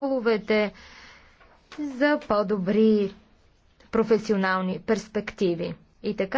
половете за по-добри професионални перспективи. И така,